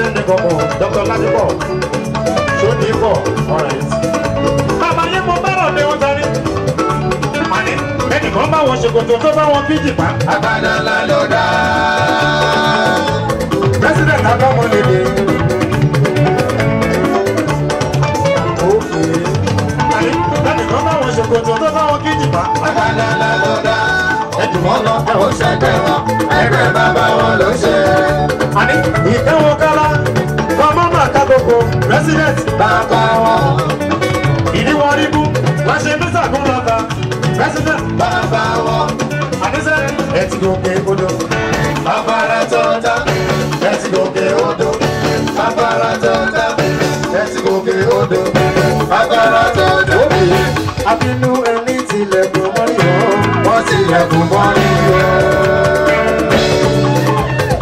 sẹ́ni kọ̀kọ̀ Dr. Ladipo sóni pọ̀ ọ̀rẹ́. bàbá yẹn mo bẹ̀rọ̀ ní ọjà ni. wọ́n ní ẹnìkan bá wọn ṣòkòtò tó bá wọn bíjì pa. àgbàdo ńlá ló dá. president abáwọn lè dé. òkè ẹnìkan bá wọn ṣòkòtò tó bá wọn bíjì pa. àgbàdo ńlá ló dá ẹ̀dùnmọ́ lọ ó ṣẹ̀dẹ̀ wọn ẹgbẹ́ bàbá wọn ló ṣe. àní ìdánwò kọ́lá wọn mọ́ màkà gbogbo president. bàbá wọn. ìdíwọ́ ríbú wọ́n ṣe mísà gún bàbá president. bàbá wọn. àníṣe ẹ ti gòkè odò. bàbá rẹ̀ tó dá ẹ ti gòkè odò. bàbá rẹ̀ tó dá ẹ ti gòkè odò. bàbá rẹ̀ tó dá. àbínú ẹni tilẹ̀kùn bọ́ nílé.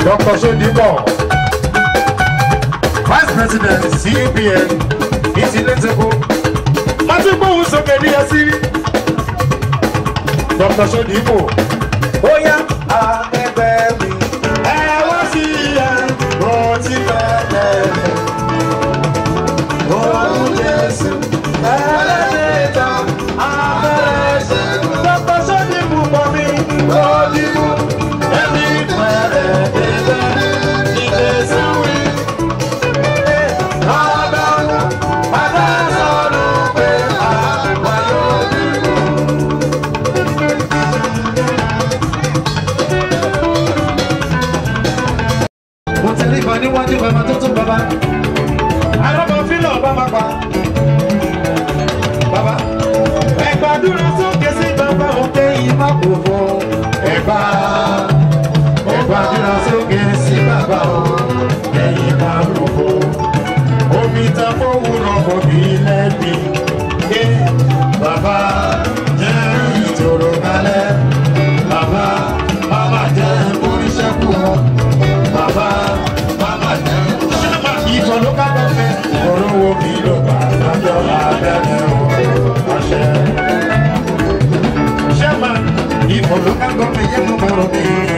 Dr. Sodibo, Vice President CBN, Ìtìlẹ́tẹ̀kọ́, wọ́n ti gbóhùn sókè ní ẹsí. Dr. Sodibo, ó yá ààrẹ. níwájú bàbá tó tún bàbá alábọ fílọ bàbá pa bàbá ẹgbàdúrà sókè sí bàbá òkè yìí má kò fọ ẹgbà ẹgbàdúrà sókè sí bàbá òkè yìí má kò fọ omi ta fọwúrọ kò bí lẹbi. por lo que algo me llevo para ti.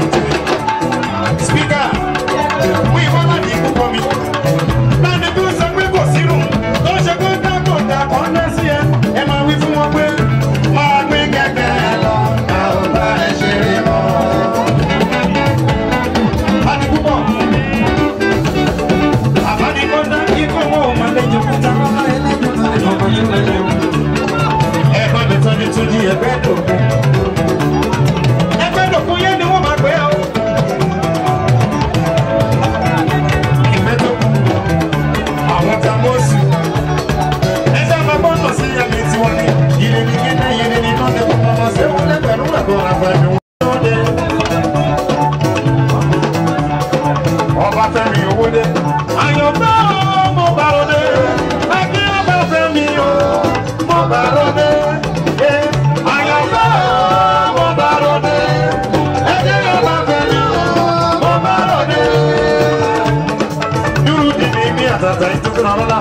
dúnà lọ́la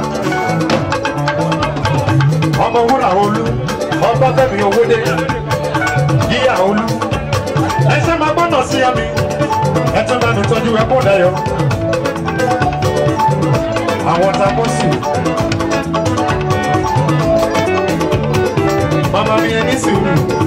ọmọ wúrà olú ọba fẹ́mi owóde yíyà olú ẹsẹ̀ máa gbọ́nà sí àmì ẹtún bá mi tọ́jú ẹ kún lẹ́yọ àwọn ta kó sí. Mama mi ẹni sùúrù.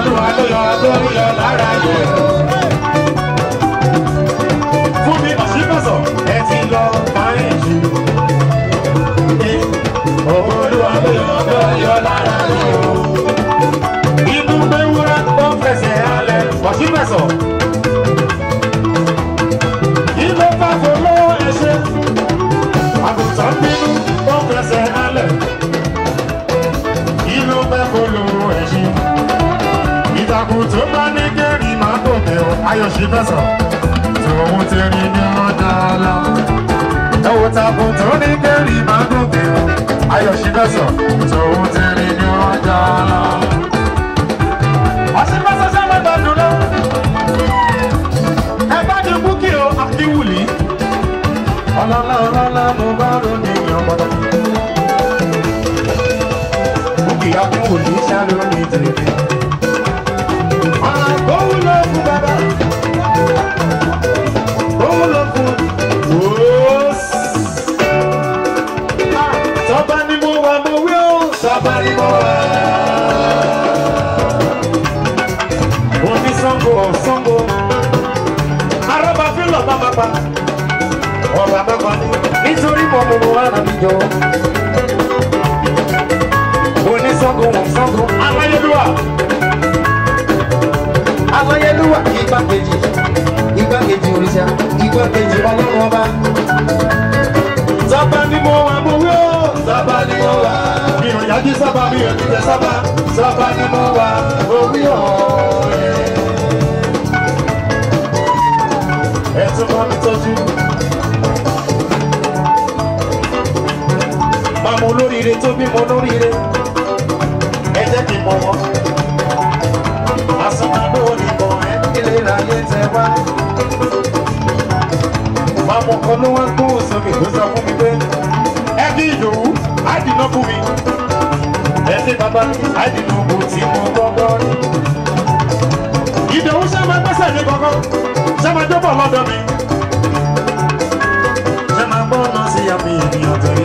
olúwa ló yọ agbórí yọ lára yẹ. Fúnmi Ọ̀ṣínkọ̀sọ̀ ẹ ti lọ parí jù. olúwa ló yọ agbórí yọ lára yẹ. inú gbé wúrà Fáyọ̀sí mẹ́sàn tòun ti rí ní ọ̀dà ọ̀la. Ẹ̀wò takùn tó ní kẹ́rì máa gòkè nítorí mo mú mu ara mi jọ. oníṣàngó wọn ṣàngó aláyélúwà aláyélúwà igbákejì igbákejì òrìṣà igbákejì ọlọ́run ọba. sábà ni mo wà mo wí o sábà ni mo wà. ìròyìn ajé sábà mi ò ní jẹ sábà sábà ni mo wà mo wí oríire tó bímọ lóríire ẹ jẹ́ kí n mọ̀ wọ́n. àsanadó nìkan ẹ kílè láyé tẹ wá. màmú kan ló wá gbóhùn sókè tó sọ fún mi pé ẹ bí ìdòwú á fún mi. ẹ ṣe bàbá á kò tí mo gbọ́gbọ́ rí. ìdòwú ṣe máa ní gbọ́gbọ́ ṣe máa jọ́bọ̀ mi. ṣe gbọ́ ọ̀nà sí àmì ènìyàn tẹ̀lé.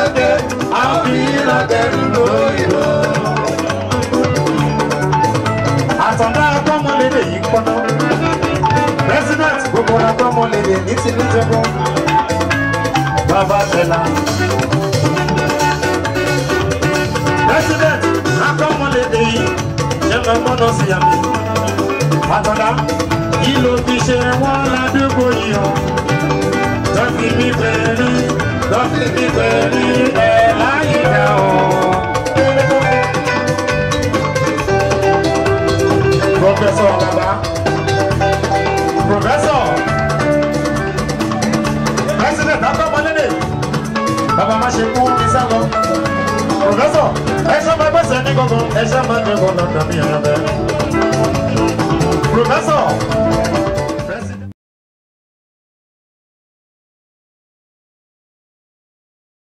gbogbo ọ̀nà tó mo lè lè ní sínú jẹ́gbọ́. Bàbá Bẹ̀là. President Akọ́mọlédè yìí ṣe máa gbọ́dọ̀ sí àmì. Àtọ̀dá yìí ló fi ṣe wọ́n ládùúgbò yìí hàn. Lọ́fi mi pẹ̀lú, lọ́fi mi pẹ̀lú ẹ̀ láyé rẹ̀ o. Professor Baba. gogo esa madre gogo también a ver profesor